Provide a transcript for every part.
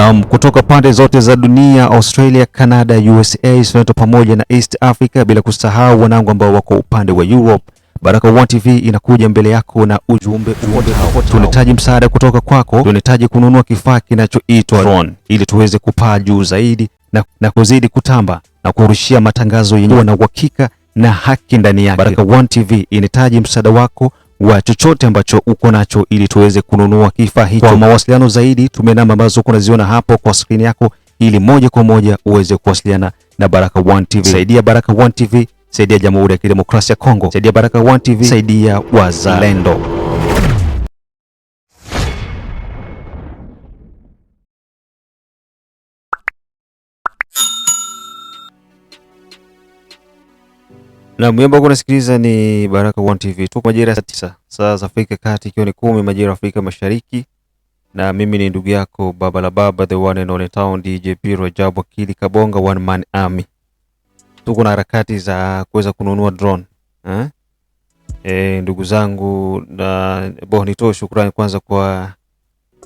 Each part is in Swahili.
Naam, kutoka pande zote za dunia, Australia, Canada, USA, Soneto pamoja na East Africa, bila kusahau wanangu ambao wako upande wa Europe. Baraka1 TV inakuja mbele yako na ujumbe ufuatao. Tunahitaji msaada kutoka kwako. Tunahitaji kununua kifaa kinachoitwa drone ili tuweze kupaa juu zaidi na, na kuzidi kutamba na kurushia matangazo yenye na uhakika na haki ndani yake. Baraka1 TV inahitaji msaada wako wa chochote ambacho uko nacho ili tuweze kununua kifaa hicho. Kwa mawasiliano zaidi, tumia namba ambazo unaziona hapo kwa skrini yako ili moja kwa moja uweze kuwasiliana na Baraka One TV. Saidia Baraka One TV, saidia Jamhuri ya Kidemokrasia ya Kongo, saidia Baraka One TV, saidia wazalendo. Na mwembo huko nasikiliza ni Baraka One TV. Tuko majira saa tisa saa za Afrika Kati ikiwa ni kumi majira ya Afrika Mashariki, na mimi ni ndugu yako baba la baba the one and only town DJ P Rajab Akili Kabonga one man army. Tuko na harakati za kuweza kununua drone eh? E, ndugu zangu na bo, nitoe shukrani kwanza kwa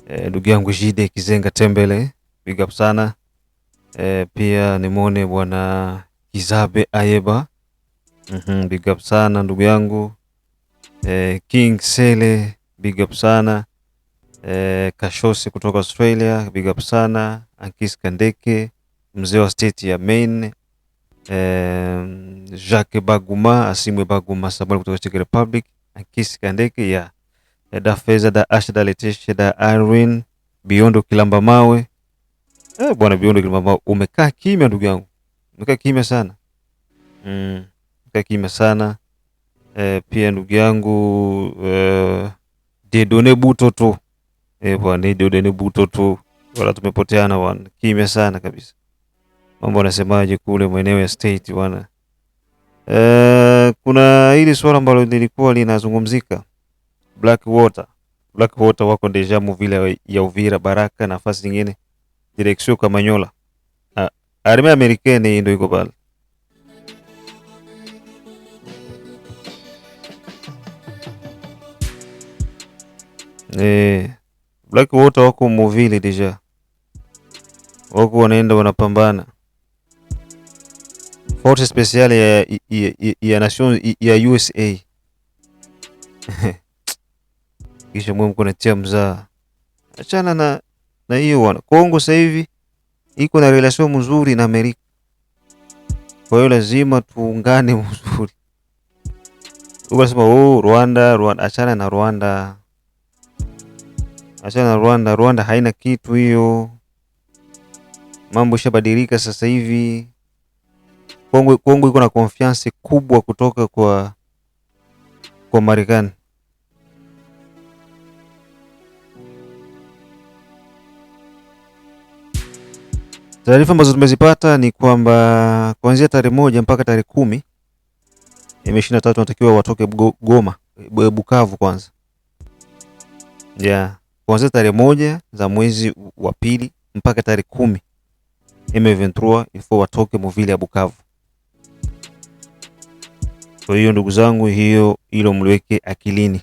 e, ndugu yangu Jide Kizenga Tembele, big up sana e, pia nimwone bwana Kizabe Ayeba mm -hmm, big up sana ndugu yangu eh, King Sele big up sana eh, Kashosi kutoka Australia big up sana Ankis Kandeke mzee wa state ya Maine eh, Jacques Baguma Asimwe Baguma Sabali kutoka Czech Republic Ankis Kandeke ya yeah. da Feza da Asha da Letesha da Irene Biondo Kilamba Mawe eh, bwana Biondo Kilamba Mawe umekaa kimya ndugu yangu umekaa kimya sana mm amekaa kimya sana e, pia ndugu yangu e, eh, Dedone Buto tu e, bwana Dedone Buto tu, wala tumepoteana bwana, kimya sana kabisa. Mambo anasemaje kule maeneo ya state bwana e, kuna hili swala ambalo lilikuwa linazungumzika Blackwater Blackwater wako deja mu vile ya Uvira, Baraka, nafasi nyingine direksio Kamanyola. Ah, Arme amerikani ndio iko pale. eh, like wote wako muvili deja, wako wanaenda wanapambana. forte special ya, ya, ya, ya nation ya USA kisha mwe mko natia mzaa, achana na na hiyo wana Kongo sasa hivi iko na relation mzuri na Amerika, kwa hiyo lazima tuungane mzuri. Ukasema oh, Rwanda Rwanda, achana na Rwanda Achana na Rwanda. Rwanda haina kitu hiyo, mambo ishabadilika sasa hivi. Kongo Kongo iko na konfiansi kubwa kutoka kwa kwa Marekani. Taarifa ambazo tumezipata ni kwamba kuanzia tarehe moja mpaka tarehe kumi M23 wanatakiwa watoke Goma, Bukavu kwanza, yeah kuanzia tarehe moja za mwezi wa pili mpaka tarehe kumi M23 ilikuwa watoke Muvili ya Bukavu. Kwa hiyo ndugu zangu, hiyo ilo mliweke akilini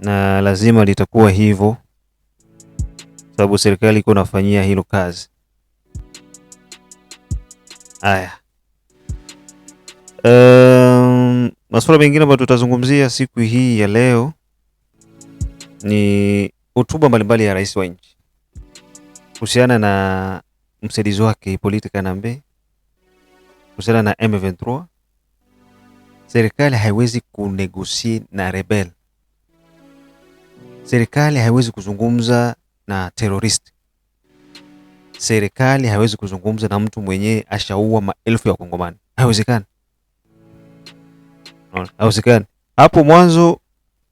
na lazima litakuwa hivyo, sababu serikali iko nafanyia hilo kazi. Haya. Uh, Masuala mengine ambayo tutazungumzia siku hii ya leo ni hotuba mbalimbali ya rais wa nchi kuhusiana na msaidizi wake Hippolyte Kanambe, kuhusiana na M23. Serikali haiwezi kunegosie na rebel, serikali haiwezi kuzungumza na terrorist, serikali haiwezi kuzungumza na mtu mwenyewe ashaua maelfu ya Wakongomani, haiwezekani hausikani. Hapo mwanzo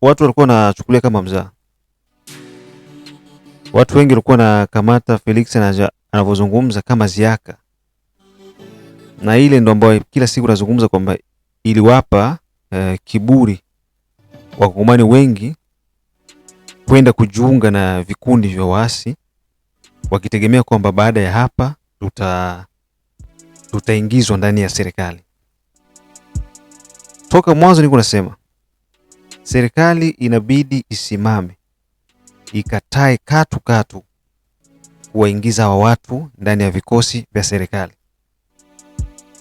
watu walikuwa wanachukulia kama mzaa, watu wengi walikuwa na kamata Felix anavyozungumza kama ziaka, na ile ndo ambayo kila siku nazungumza kwamba iliwapa eh, kiburi wakongomani wengi kwenda kujiunga na vikundi vya waasi wakitegemea kwamba baada ya hapa tuta tutaingizwa ndani ya serikali toka mwanzo niko nasema serikali inabidi isimame ikatae katu katu kuwaingiza wa watu ndani ya vikosi vya serikali,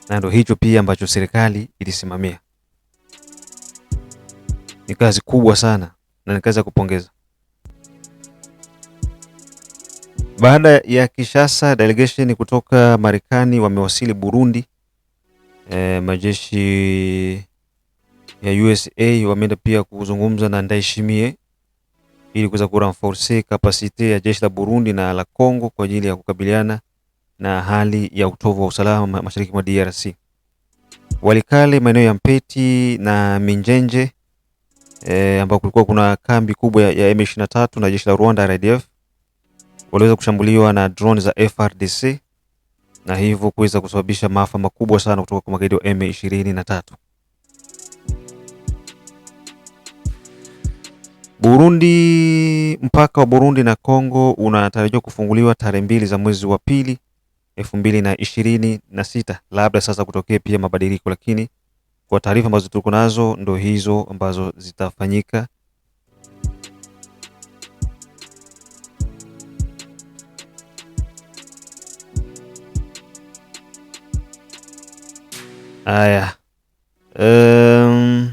na ndio hicho pia ambacho serikali ilisimamia. Ni kazi kubwa sana na ni kazi ya kupongeza. Baada ya kishasa delegation kutoka Marekani wamewasili Burundi. E, majeshi ya USA wameenda pia kuzungumza na Ndayishimiye ili kuweza kurenforce capacity ya jeshi la Burundi na la Kongo kwa ajili ya kukabiliana na hali ya utovu wa usalama mashariki mwa DRC. Walikale, maeneo ya Mpeti na Minjenje e, eh, ambao kulikuwa kuna kambi kubwa ya M23 na jeshi la Rwanda RDF waliweza kushambuliwa na drone za FRDC na hivyo kuweza kusababisha maafa makubwa sana kutoka kwa magaidi wa M23. Burundi, mpaka wa Burundi na Kongo unatarajiwa kufunguliwa tarehe mbili za mwezi wa pili elfu mbili na ishirini na sita. Labda sasa kutokee pia mabadiliko, lakini kwa taarifa ambazo tuko nazo ndo hizo ambazo zitafanyika. Aya, um,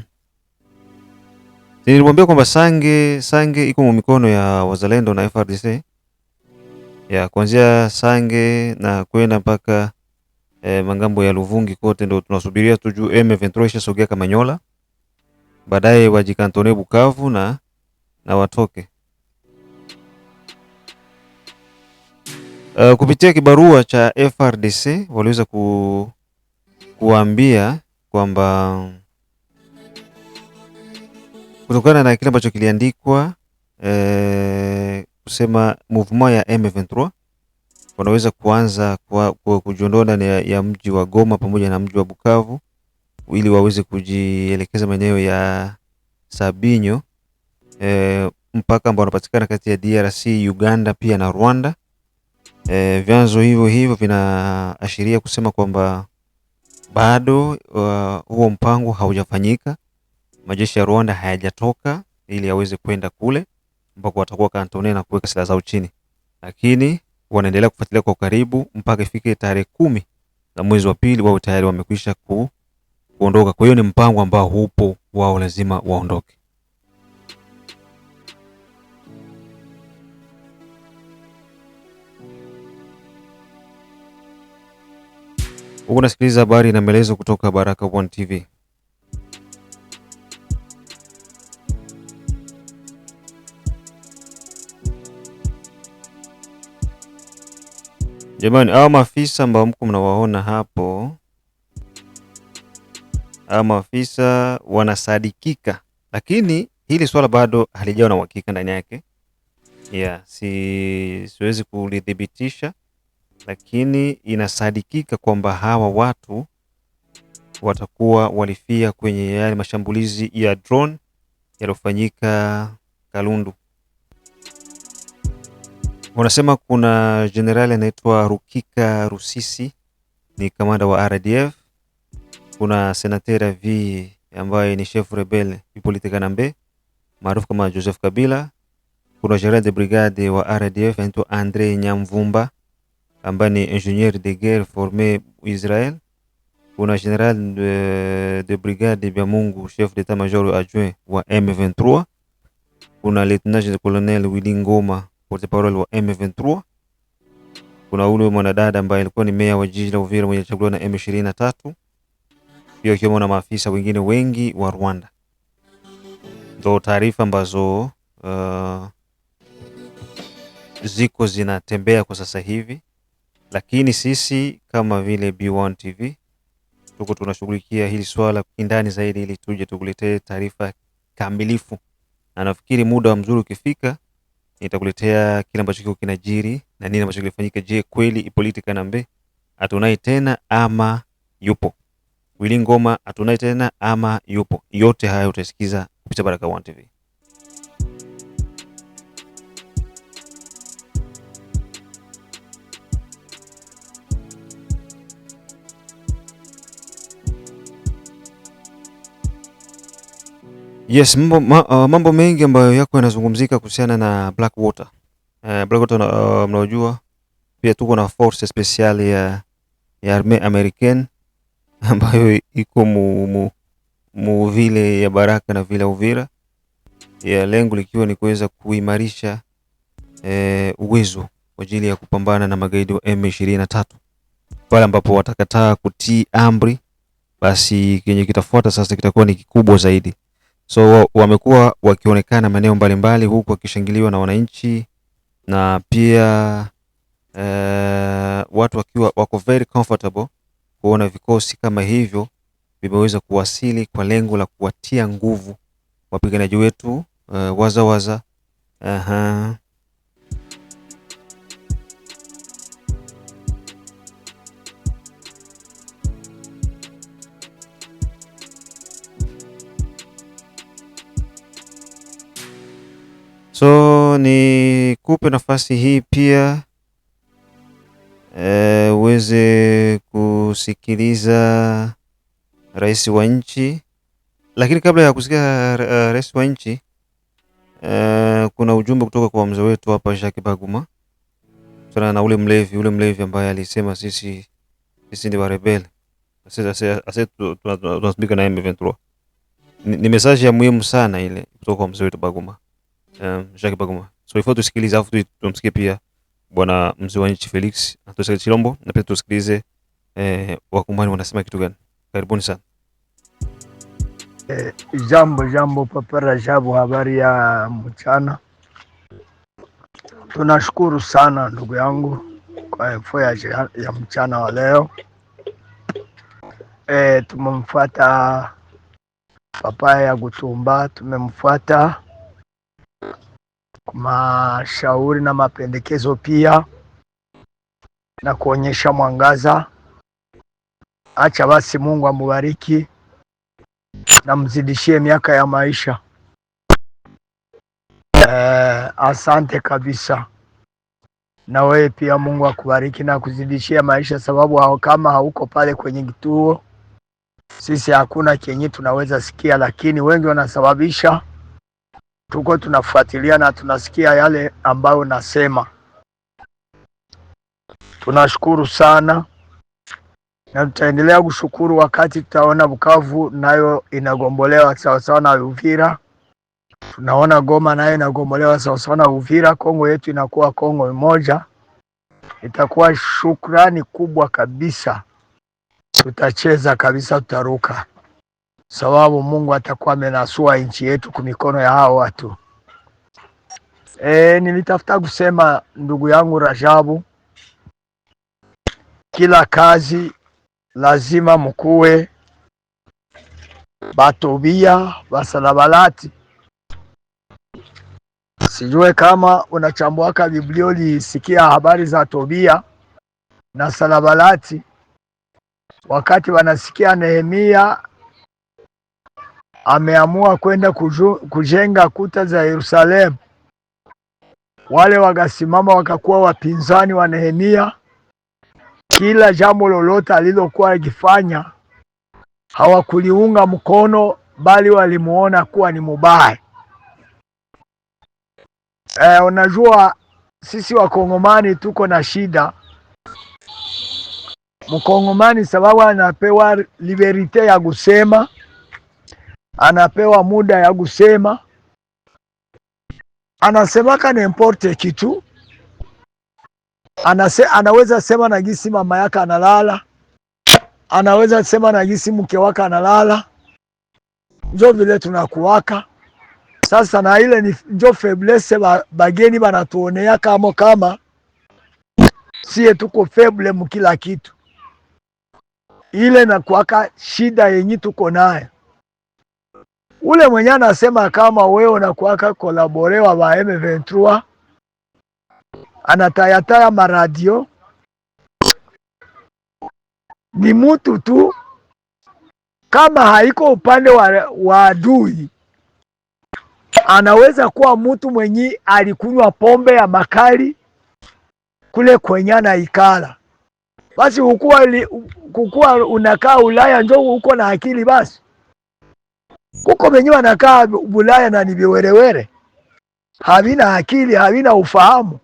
Nilimwambia kwamba Sange Sange iko mu mikono ya wazalendo na frdc ya kuanzia Sange na kwenda mpaka eh, mangambo ya Luvungi kote, ndio tunasubiria tuju M23 ishasogea Kamanyola, baadaye wajikantone Bukavu na, na watoke uh, kupitia kibarua cha frdc waliweza ku, kuambia kwamba kutokana na kile ambacho kiliandikwa eh, kusema movement ya M23 wanaweza kuanza kujiondoa ndani ya, ya mji wa Goma pamoja na mji wa Bukavu ili waweze kujielekeza maeneo ya Sabinyo eh, mpaka ambao wanapatikana kati ya DRC, Uganda pia na Rwanda. Eh, vyanzo hivyo hivyo vinaashiria kusema kwamba bado uh, huo mpango haujafanyika majeshi ya Rwanda hayajatoka ili yaweze kwenda kule ambako watakuwa kantone na kuweka silaha zao chini, lakini wanaendelea kufuatilia kwa karibu mpaka ifike tarehe kumi za mwezi wa pili, wao tayari wamekwisha ku, kuondoka. Kwa hiyo ni mpango ambao hupo, wao lazima waondoke. Huku nasikiliza habari na maelezo kutoka Baraka One TV. Jamani, hao maafisa ambao mko mnawaona hapo, hao maafisa wanasadikika, lakini hili swala bado halijawa na uhakika ndani yake yeah, si, siwezi kulithibitisha, lakini inasadikika kwamba hawa watu watakuwa walifia kwenye yale mashambulizi ya drone yaliyofanyika Kalundu. Unasema kuna jenerali anaitwa Rukika Rusisi ni kamanda wa RDF. Kuna senatera V ambaye ni chef rebel Ipolitikanambe maarufu kama Joseph Kabila. Kuna general de brigade wa RDF anaitwa Andre Nyamvumba ambaye ni ingenieur de guerre formé Israel. Kuna general de, euh, de brigade Byamungu chef d'état major adjoint wa M23. Kuna lieutenant colonel Willy Ngoma porte-parole wa M23. Kuna ule mwanadada ambaye alikuwa ni meya wa jiji la Uvira mwenye chaguliwa na M23, pia akiwemo na maafisa wengine wengi wa Rwanda. Ndo taarifa ambazo uh, ziko zinatembea kwa sasa hivi, lakini sisi kama vile B1 TV tuko tunashughulikia hili swala kindani zaidi, ili tuje tukuletee taarifa kamilifu, na nafikiri muda mzuri ukifika nitakuletea kile ambacho kiko kinajiri na nini ambacho kilifanyika. Je, kweli Ipoliti Kanambe atunai tena ama yupo? Wili Ngoma atunai tena ama yupo? Yote haya utasikiza kupitia Baraka1 TV. Yes, mambo, ma, uh, mambo mengi ambayo yako yanazungumzika kuhusiana na Blackwater. Uh, eh, Blackwater uh, mnaojua pia tuko na force special ya, ya arme American ambayo iko mu, mu, mu vile ya Baraka na vile Uvira ya yeah, lengo likiwa ni kuweza kuimarisha eh, uwezo kwa ajili ya kupambana na magaidi wa M23 pale ambapo watakataa kutii amri, basi kenye kitafuata sasa kitakuwa ni kikubwa zaidi. So wamekuwa wakionekana maeneo mbalimbali, huku wakishangiliwa na wananchi na pia e, watu wakiwa wako very comfortable kuona vikosi kama hivyo vimeweza kuwasili kwa lengo la kuwatia nguvu wapiganaji wetu e, eh, wazawaza waza. -huh. So ni kupe nafasi hii pia e, uweze kusikiliza rais wa nchi, lakini kabla ya kusikia rais wa nchi e, kuna ujumbe kutoka kwa mzee wetu hapa Jacques Baguma sana na ule mlevi, ule mlevi ambaye alisema sisi sisi ni warebel tunatumika na M23. Ni, ni mesaji ya muhimu sana ile kutoka kwa mzee wetu Baguma. Ehm, Jacques Bagoma. So ifa tusikilize, afu tumsikie pia bwana mzee wa nchi Felix Antoine Chilombo na pia tusikilize eh, wakumbani wanasema kitu gani. Karibuni sana. Eh, jambo jambo, Papa Rajabu, habari ya mchana. Tunashukuru sana ndugu yangu kwa info ya, ya mchana wa leo. Eh, tumemfuata papa ya Gutumba, tumemfuata mashauri na mapendekezo pia na kuonyesha mwangaza. Acha basi Mungu amubariki na mzidishie miaka ya maisha. Eh, asante kabisa. Na wewe pia Mungu akubariki na kuzidishia maisha, sababu hao kama hauko pale kwenye kituo, sisi hakuna kyenye tunaweza sikia, lakini wengi wanasababisha tuko tunafuatilia na tunasikia yale ambayo nasema. Tunashukuru sana na tutaendelea kushukuru wakati tutaona Bukavu nayo inagombolewa sawasawa na Uvira, tunaona Goma nayo inagombolewa sawasawa na Uvira. Kongo yetu inakuwa Kongo moja, itakuwa shukrani kubwa kabisa. Tutacheza kabisa, tutaruka sababu Mungu atakuwa amenasua nchi yetu kumikono ya hao watu. E, nilitafuta kusema ndugu yangu Rajabu, kila kazi lazima mkuwe batobia basalabalati. Sijue kama unachambuaka Biblia, ulisikia habari za Tobia na Salabalati wakati wanasikia Nehemia ameamua kwenda kujenga kuta za Yerusalemu. Wale wakasimama wakakuwa wapinzani wa Nehemia. Kila jambo lolote alilokuwa akifanya hawakuliunga mkono, bali walimuona kuwa ni mubaya. E, unajua sisi wakongomani tuko na shida. Mkongomani sababu anapewa liberite ya kusema anapewa muda ya kusema, anasemaka nimporte kitu anase, anaweza sema na gisi mama yake analala, anaweza sema na gisi mke wake analala, njo vile tunakuwaka sasa, na ile ni njo feblese ba, bageni banatuonea kamo kama siye tuko feble mukila kitu, ile nakuwaka shida yenyi tuko nayo ule mwenye anasema kama wewe unakuaka kolaborewa wa M23 anatayataya maradio ni mutu tu, kama haiko upande wa, wa adui anaweza kuwa mtu mwenye alikunywa pombe ya makali kule kwenye anaikala. Basi ukuwa, li, kukuwa unakaa Ulaya njo uko na akili basi kuko wenyewe wanakaa Bulaya na ni viwerewere, havina akili, havina ufahamu,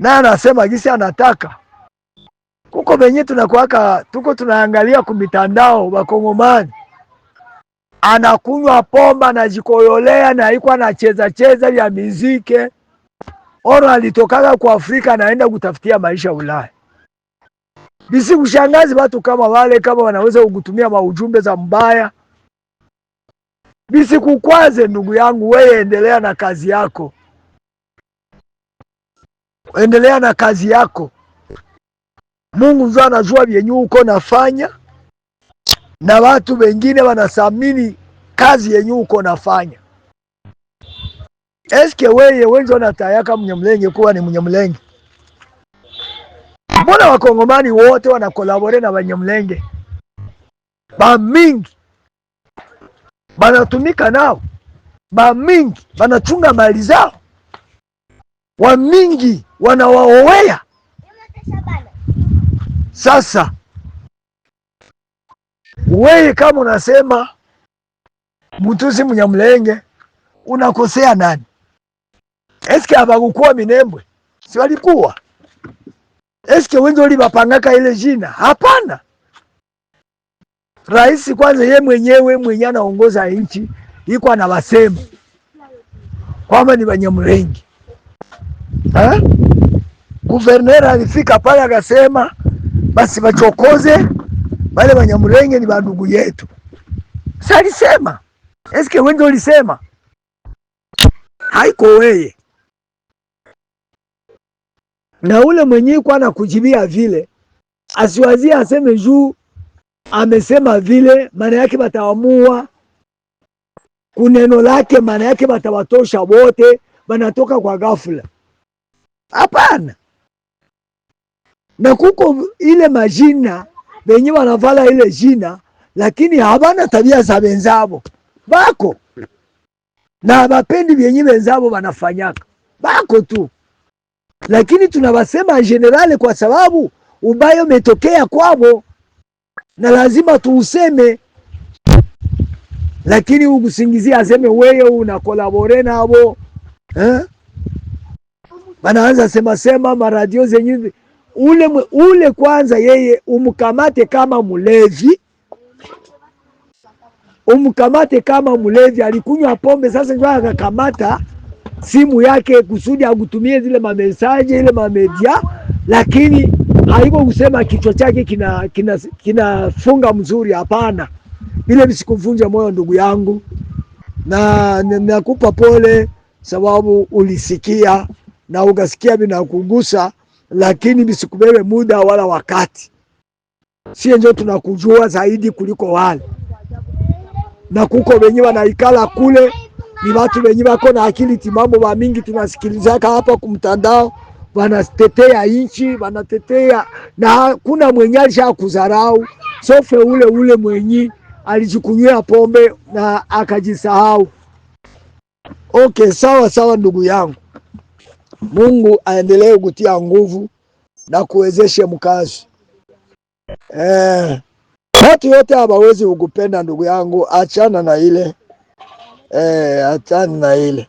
naye anasema gisi anataka kuko venye tunakuaka tuko tunaangalia kumitandao Wakongomani anakunywa pomba anajikoyolea na iko anacheza cheza vya mizike oro alitokaga kwa Afrika anaenda kutafutia maisha Ulaya. Bisi kushangazi watu kama wale kama wanaweza kutumia maujumbe za mbaya visikukwaze ndugu yangu, wewe endelea na kazi yako, endelea na kazi yako. Mungu ndio anajua vyenyu uko nafanya, na watu wengine wanathamini kazi yenyu uko nafanya. Eske weye wenzo natayaka mnyamlenge kuwa ni mnyamlenge? Mbona wakongomani wote wanakolabore na wanyamlenge ba mingi banatumika nao bamingi, banachunga mali zao, wamingi wanawaowea. Sasa weye kama unasema Mtusi mnyamlenge, unakosea nani? Eske abagukua Minembwe si walikuwa? Eske wenzo libapangaka ile jina? Hapana. Rais kwanza ye mwenyewe mwenye anaongoza nchi iko anawasema kwamba ni Banyamulenge. Guverner alifika pale akasema basi wachokoze wale Banyamulenge ni bandugu yetu. Sasa alisema eske wengi ulisema haiko weye na ule mwenye kwa anakujibia vile asiwazie aseme juu amesema vile, maana yake batawamua kuneno lake, maana yake batawatosha wote wanatoka kwa ghafla. Hapana, na kuko ile majina benye wanavala ile jina, lakini hawana tabia za benzabo bako na bapendi vyenye wenzabo wanafanyaka bako tu, lakini tunawasema generale kwa sababu ubayo umetokea kwabo na lazima tuuseme, lakini ukusingizia aseme wewe una nabo eh? Banaanza sema sema maradio zenyu ule, ule kwanza yeye umkamate kama mulevi umkamate kama mulevi alikunywa pombe. Sasa ndio akakamata simu yake kusudi akutumie zile mamesaje ile mamedia, lakini Haiko kusema kichwa chake kinafunga kina, kina mzuri. Hapana, ile nisikuvunja moyo ndugu yangu, na nakupa pole sababu ulisikia na ukasikia vinakugusa, lakini visikubebe muda wala wakati. Sie njo tunakujua zaidi kuliko wale, na kuko wenye wanaikala kule ni watu wenye wako na akili timamu wa mingi, tunasikilizaka hapa kumtandao wanatetea nchi, wanatetea na kuna mwenye alisha kudharau sofe ule ule mwenyi alichukunywa pombe na akajisahau. Okay, sawa sawa, ndugu yangu, Mungu aendelee kutia nguvu na kuwezeshe mkazi eh. Watu yote hawawezi kukupenda ndugu yangu, achana na ile eh, achana na ile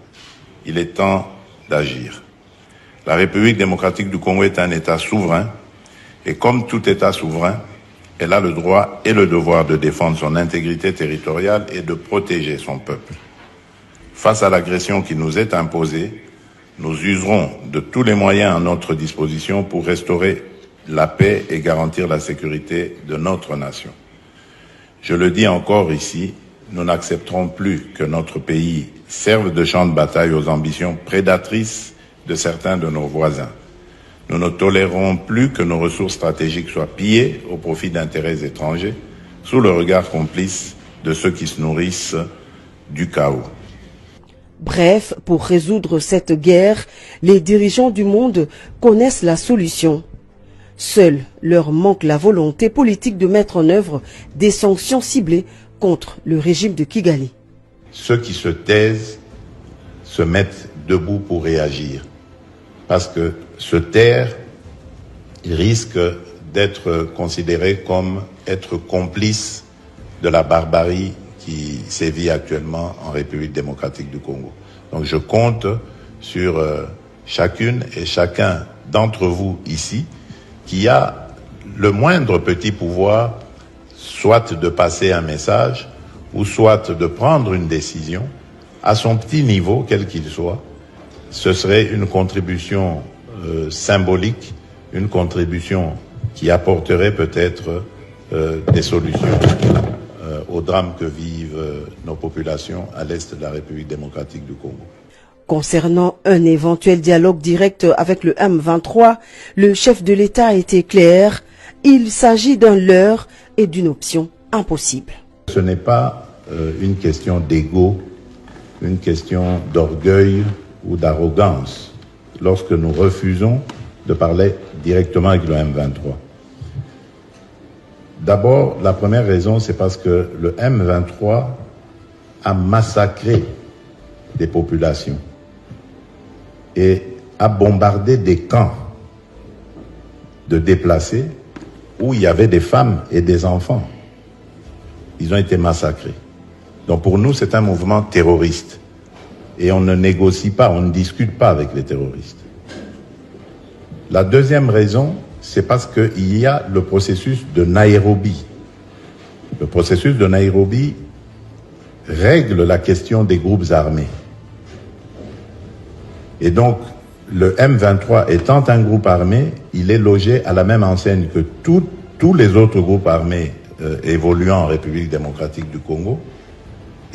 Il est temps d'agir. La République démocratique du Congo est un État souverain et comme tout État souverain, elle a le droit et le devoir de défendre son intégrité territoriale et de protéger son peuple. Face à l'agression qui nous est imposée, nous userons de tous les moyens à notre disposition pour restaurer la paix et garantir la sécurité de notre nation. Je le dis encore ici, nous n'accepterons plus que notre pays servent de champ de bataille aux ambitions prédatrices de certains de nos voisins. Nous ne tolérons plus que nos ressources stratégiques soient pillées au profit d'intérêts étrangers, sous le regard complice de ceux qui se nourrissent du chaos. Bref, pour résoudre cette guerre, les dirigeants du monde connaissent la solution. Seul leur manque la volonté politique de mettre en œuvre des sanctions ciblées contre le régime de Kigali. Ceux qui se taisent se mettent debout pour réagir. Parce que se taire, risque d'être considéré comme être complice de la barbarie qui sévit actuellement en République démocratique du Congo. Donc je compte sur euh, chacune et chacun d'entre vous ici qui a le moindre petit pouvoir, soit de passer un message, ou soit de prendre une décision, à son petit niveau, quel qu'il soit, ce serait une contribution euh, symbolique, une contribution qui apporterait peut-être euh, des solutions euh, aux drames que vivent nos populations à l'est de la République démocratique du Congo. Concernant un éventuel dialogue direct avec le M23, le chef de l'État a été clair, il s'agit d'un leurre et d'une option impossible. Ce n'est pas euh, une question d'ego, une question d'orgueil ou d'arrogance lorsque nous refusons de parler directement avec le M23. D'abord, la première raison, c'est parce que le M23 a massacré des populations et a bombardé des camps de déplacés où il y avait des femmes et des enfants ils ont été massacrés. Donc pour nous, c'est un mouvement terroriste. Et on ne négocie pas, on ne discute pas avec les terroristes. La deuxième raison, c'est parce qu'il y a le processus de Nairobi. Le processus de Nairobi règle la question des groupes armés. Et donc, le M23 étant un groupe armé, il est logé à la même enseigne que tous les autres groupes armés euh, évoluant en République démocratique du Congo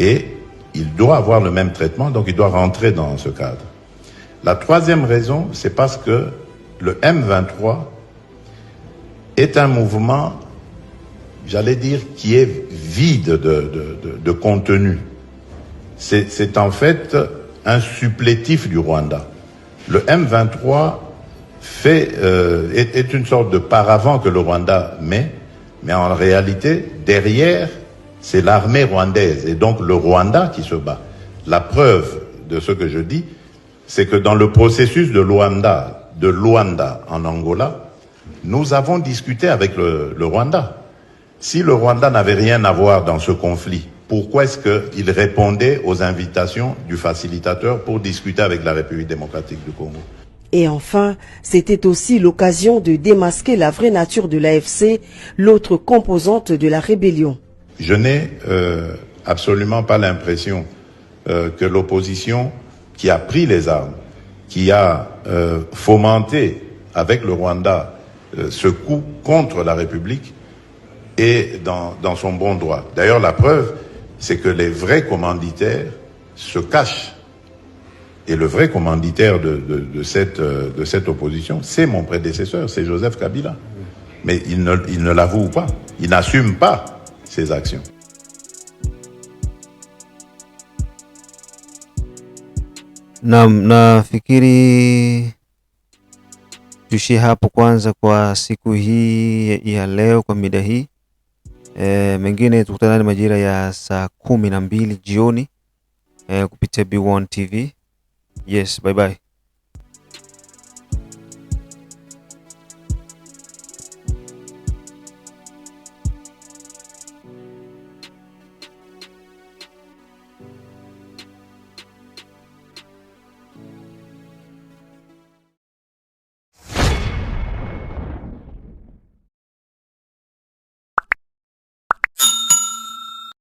et il doit avoir le même traitement, donc il doit rentrer dans ce cadre. La troisième raison, c'est parce que le M23 est un mouvement, j'allais dire, qui est vide de, de, contenu. C'est en fait un supplétif du Rwanda. Le M23 fait, euh, est, une sorte de paravent que le Rwanda met mais en réalité, derrière, c'est l'armée rwandaise et donc le Rwanda qui se bat. La preuve de ce que je dis, c'est que dans le processus de Luanda, de en Angola, nous avons discuté avec le Rwanda. Si le Rwanda n'avait rien à voir dans ce conflit, pourquoi est-ce qu'il répondait aux invitations du facilitateur pour discuter avec la République démocratique du Congo et enfin, c'était aussi l'occasion de démasquer la vraie nature de l'AFC, l'autre composante de la rébellion. Je n'ai euh, absolument pas l'impression euh, que l'opposition qui a pris les armes, qui a euh, fomenté avec le Rwanda ce coup contre la République, est dans son bon droit. D'ailleurs, la preuve, c'est que les vrais commanditaires se cachent et le vrai commanditaire de, de, de cette, euh, de cette opposition, c'est mon prédécesseur, c'est Joseph Kabila. Mais il ne, il ne l'avoue pas, il n'assume pas ses actions. Nam nafikiri tuishie hapo kwanza kwa siku hii ya leo, kwa mida hii e, mengine tukutanani majira ya saa kumi na mbili jioni e, kupitia B1 TV. Yes, bye-bye.